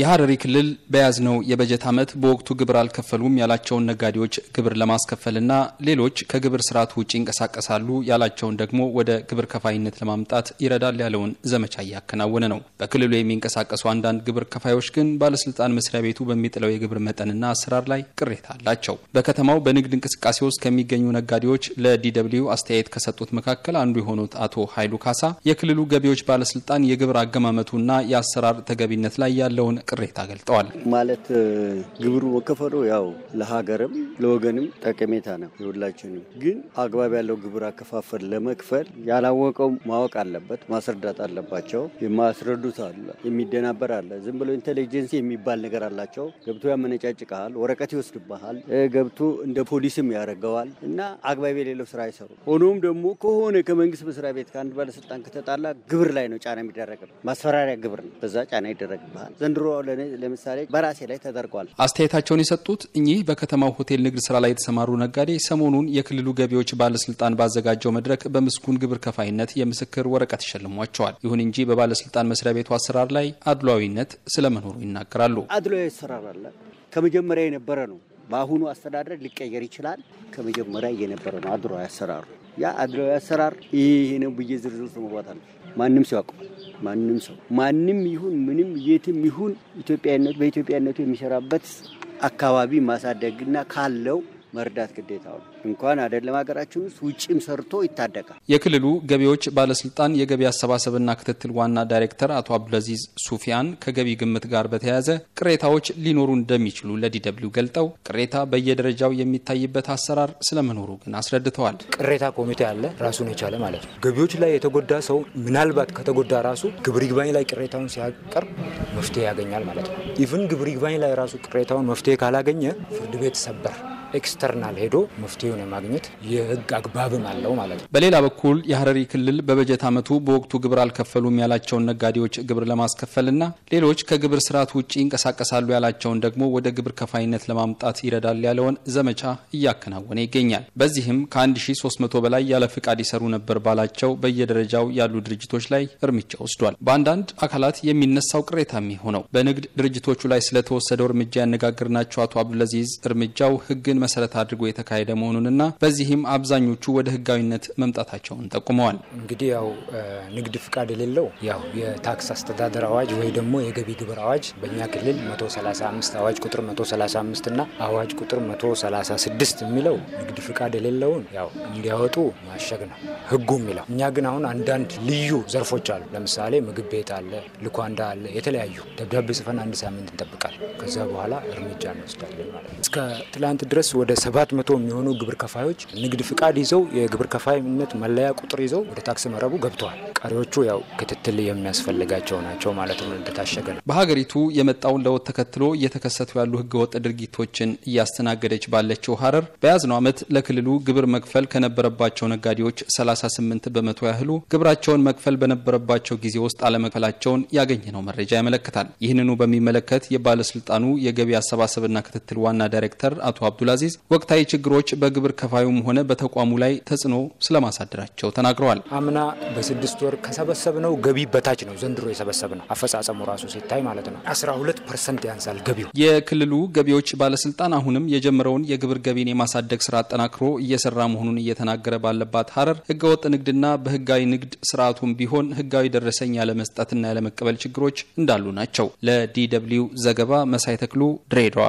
የሀረሪ ክልል በያዝነው የበጀት ዓመት በወቅቱ ግብር አልከፈሉም ያላቸውን ነጋዴዎች ግብር ለማስከፈልና ሌሎች ከግብር ስርዓቱ ውጭ ይንቀሳቀሳሉ ያላቸውን ደግሞ ወደ ግብር ከፋይነት ለማምጣት ይረዳል ያለውን ዘመቻ እያከናወነ ነው። በክልሉ የሚንቀሳቀሱ አንዳንድ ግብር ከፋዮች ግን ባለስልጣን መስሪያ ቤቱ በሚጥለው የግብር መጠንና አሰራር ላይ ቅሬታ አላቸው። በከተማው በንግድ እንቅስቃሴ ውስጥ ከሚገኙ ነጋዴዎች ለዲደብልዩ አስተያየት ከሰጡት መካከል አንዱ የሆኑት አቶ ኃይሉ ካሳ የክልሉ ገቢዎች ባለስልጣን የግብር አገማመቱና የአሰራር ተገቢነት ላይ ያለውን ቅሬታ ገልጠዋል። ማለት ግብሩ መከፈሉ ያው ለሀገርም ለወገንም ጠቀሜታ ነው የሁላችንም። ግን አግባብ ያለው ግብር አከፋፈል ለመክፈል ያላወቀው ማወቅ አለበት፣ ማስረዳት አለባቸው። የማስረዱት አለ፣ የሚደናበር አለ። ዝም ብሎ ኢንቴሊጀንሲ የሚባል ነገር አላቸው። ገብቶ ያመነጫጭቀሃል፣ ወረቀት ይወስድብሃል፣ ገብቶ እንደ ፖሊስም ያደርገዋል እና አግባብ የሌለው ስራ አይሰሩ። ሆኖም ደግሞ ከሆነ ከመንግስት መስሪያ ቤት ከአንድ ባለስልጣን ከተጣላ ግብር ላይ ነው ጫና የሚደረግ ማስፈራሪያ ግብር ነው፣ በዛ ጫና ይደረግብሃል። ዘንድሮ ለምሳሌ በራሴ ላይ ተደርጓል። አስተያየታቸውን የሰጡት እኚህ በከተማው ሆቴል ንግድ ስራ ላይ የተሰማሩ ነጋዴ ሰሞኑን የክልሉ ገቢዎች ባለስልጣን ባዘጋጀው መድረክ በምስጉን ግብር ከፋይነት የምስክር ወረቀት ይሸልሟቸዋል። ይሁን እንጂ በባለስልጣን መስሪያ ቤቱ አሰራር ላይ አድሏዊነት ስለመኖሩ ይናገራሉ። አድሏዊ አሰራር አለ። ከመጀመሪያ የነበረ ነው። በአሁኑ አስተዳደር ሊቀየር ይችላል። ከመጀመሪያ የነበረ ነው አድሏዊ አሰራሩ። ያ አድሏዊ አሰራር ይህ ነው ብዬ ዝርዝር ነው ማንም ሲያውቀው ማንም ሰው ማንም ይሁን ምንም የትም ይሁን በኢትዮጵያነቱ የሚሰራበት አካባቢ ማሳደግና ካለው መርዳት ግዴታው ነው። እንኳን አይደለም ሀገራችን ውስጥ ውጭም ሰርቶ ይታደጋል። የክልሉ ገቢዎች ባለስልጣን የገቢ አሰባሰብና ክትትል ዋና ዳይሬክተር አቶ አብዱልአዚዝ ሱፊያን ከገቢ ግምት ጋር በተያያዘ ቅሬታዎች ሊኖሩ እንደሚችሉ ለዲደብሊው ገልጠው ቅሬታ በየደረጃው የሚታይበት አሰራር ስለመኖሩ ግን አስረድተዋል። ቅሬታ ኮሚቴ አለ ራሱን የቻለ ማለት ነው። ገቢዎች ላይ የተጎዳ ሰው ምናልባት ከተጎዳ ራሱ ግብር ይግባኝ ላይ ቅሬታውን ሲያቀርብ መፍትሄ ያገኛል ማለት ነው። ኢቭን ግብር ይግባኝ ላይ ራሱ ቅሬታውን መፍትሄ ካላገኘ ፍርድ ቤት ሰበር ኤክስተርናል ሄዶ መፍትሄውን የማግኘት የህግ አግባብም አለው ማለት ነው። በሌላ በኩል የሀረሪ ክልል በበጀት ዓመቱ በወቅቱ ግብር አልከፈሉም ያላቸውን ነጋዴዎች ግብር ለማስከፈልና ሌሎች ከግብር ስርዓት ውጭ ይንቀሳቀሳሉ ያላቸውን ደግሞ ወደ ግብር ከፋይነት ለማምጣት ይረዳል ያለውን ዘመቻ እያከናወነ ይገኛል። በዚህም ከ1300 በላይ ያለ ፍቃድ ይሰሩ ነበር ባላቸው በየደረጃው ያሉ ድርጅቶች ላይ እርምጃ ወስዷል። በአንዳንድ አካላት የሚነሳው ቅሬታ የሚሆነው በንግድ ድርጅቶቹ ላይ ስለተወሰደው እርምጃ ያነጋገርናቸው አቶ አብዱልአዚዝ እርምጃው ህግን ይህንን መሰረት አድርጎ የተካሄደ መሆኑንና በዚህም አብዛኞቹ ወደ ህጋዊነት መምጣታቸውን ጠቁመዋል። እንግዲህ ያው ንግድ ፍቃድ የሌለው ያው የታክስ አስተዳደር አዋጅ ወይ ደግሞ የገቢ ግብር አዋጅ በእኛ ክልል 135 አዋጅ ቁጥር 135 እና አዋጅ ቁጥር 136 የሚለው ንግድ ፍቃድ የሌለውን ያው እንዲያወጡ ማሸግ ነው ህጉ የሚለው። እኛ ግን አሁን አንዳንድ ልዩ ዘርፎች አሉ። ለምሳሌ ምግብ ቤት አለ፣ ልኳንዳ አለ። የተለያዩ ደብዳቤ ጽፈን አንድ ሳምንት እንጠብቃል። ከዛ በኋላ እርምጃ እንወስዳለን ማለት ነው። እስከ ትላንት ድረስ ድረስ ወደ 700 የሚሆኑ ግብር ከፋዮች ንግድ ፍቃድ ይዘው የግብር ከፋይነት መለያ ቁጥር ይዘው ወደ ታክስ መረቡ ገብተዋል። ቀሪዎቹ ያው ክትትል የሚያስፈልጋቸው ናቸው ማለት ነው። እንደታሸገ ነው። በሀገሪቱ የመጣውን ለውጥ ተከትሎ እየተከሰቱ ያሉ ህገወጥ ድርጊቶችን እያስተናገደች ባለችው ሀረር በያዝነው ዓመት ለክልሉ ግብር መክፈል ከነበረባቸው ነጋዴዎች 38 በመቶ ያህሉ ግብራቸውን መክፈል በነበረባቸው ጊዜ ውስጥ አለመክፈላቸውን ያገኘነው መረጃ ያመለክታል። ይህንኑ በሚመለከት የባለስልጣኑ የገቢ አሰባሰብና ክትትል ዋና ዳይሬክተር አቶ አብዱልአዚዝ ወቅታዊ ችግሮች በግብር ከፋዩም ሆነ በተቋሙ ላይ ተጽዕኖ ስለማሳደራቸው ተናግረዋል። አምና በስድስት ወር ከሰበሰብነው ገቢ በታች ነው ዘንድሮ የሰበሰብነው። አፈጻጸሙ ራሱ ሲታይ ማለት ነው 12 ፐርሰንት ያንሳል ገቢው። የክልሉ ገቢዎች ባለስልጣን አሁንም የጀመረውን የግብር ገቢን የማሳደግ ስራ አጠናክሮ እየሰራ መሆኑን እየተናገረ ባለባት ሀረር ህገወጥ ንግድና በህጋዊ ንግድ ስርዓቱም ቢሆን ህጋዊ ደረሰኝ ያለመስጠትና ያለመቀበል ችግሮች እንዳሉ ናቸው። ለዲ ደብልዩ ዘገባ መሳይ ተክሉ ድሬዳዋ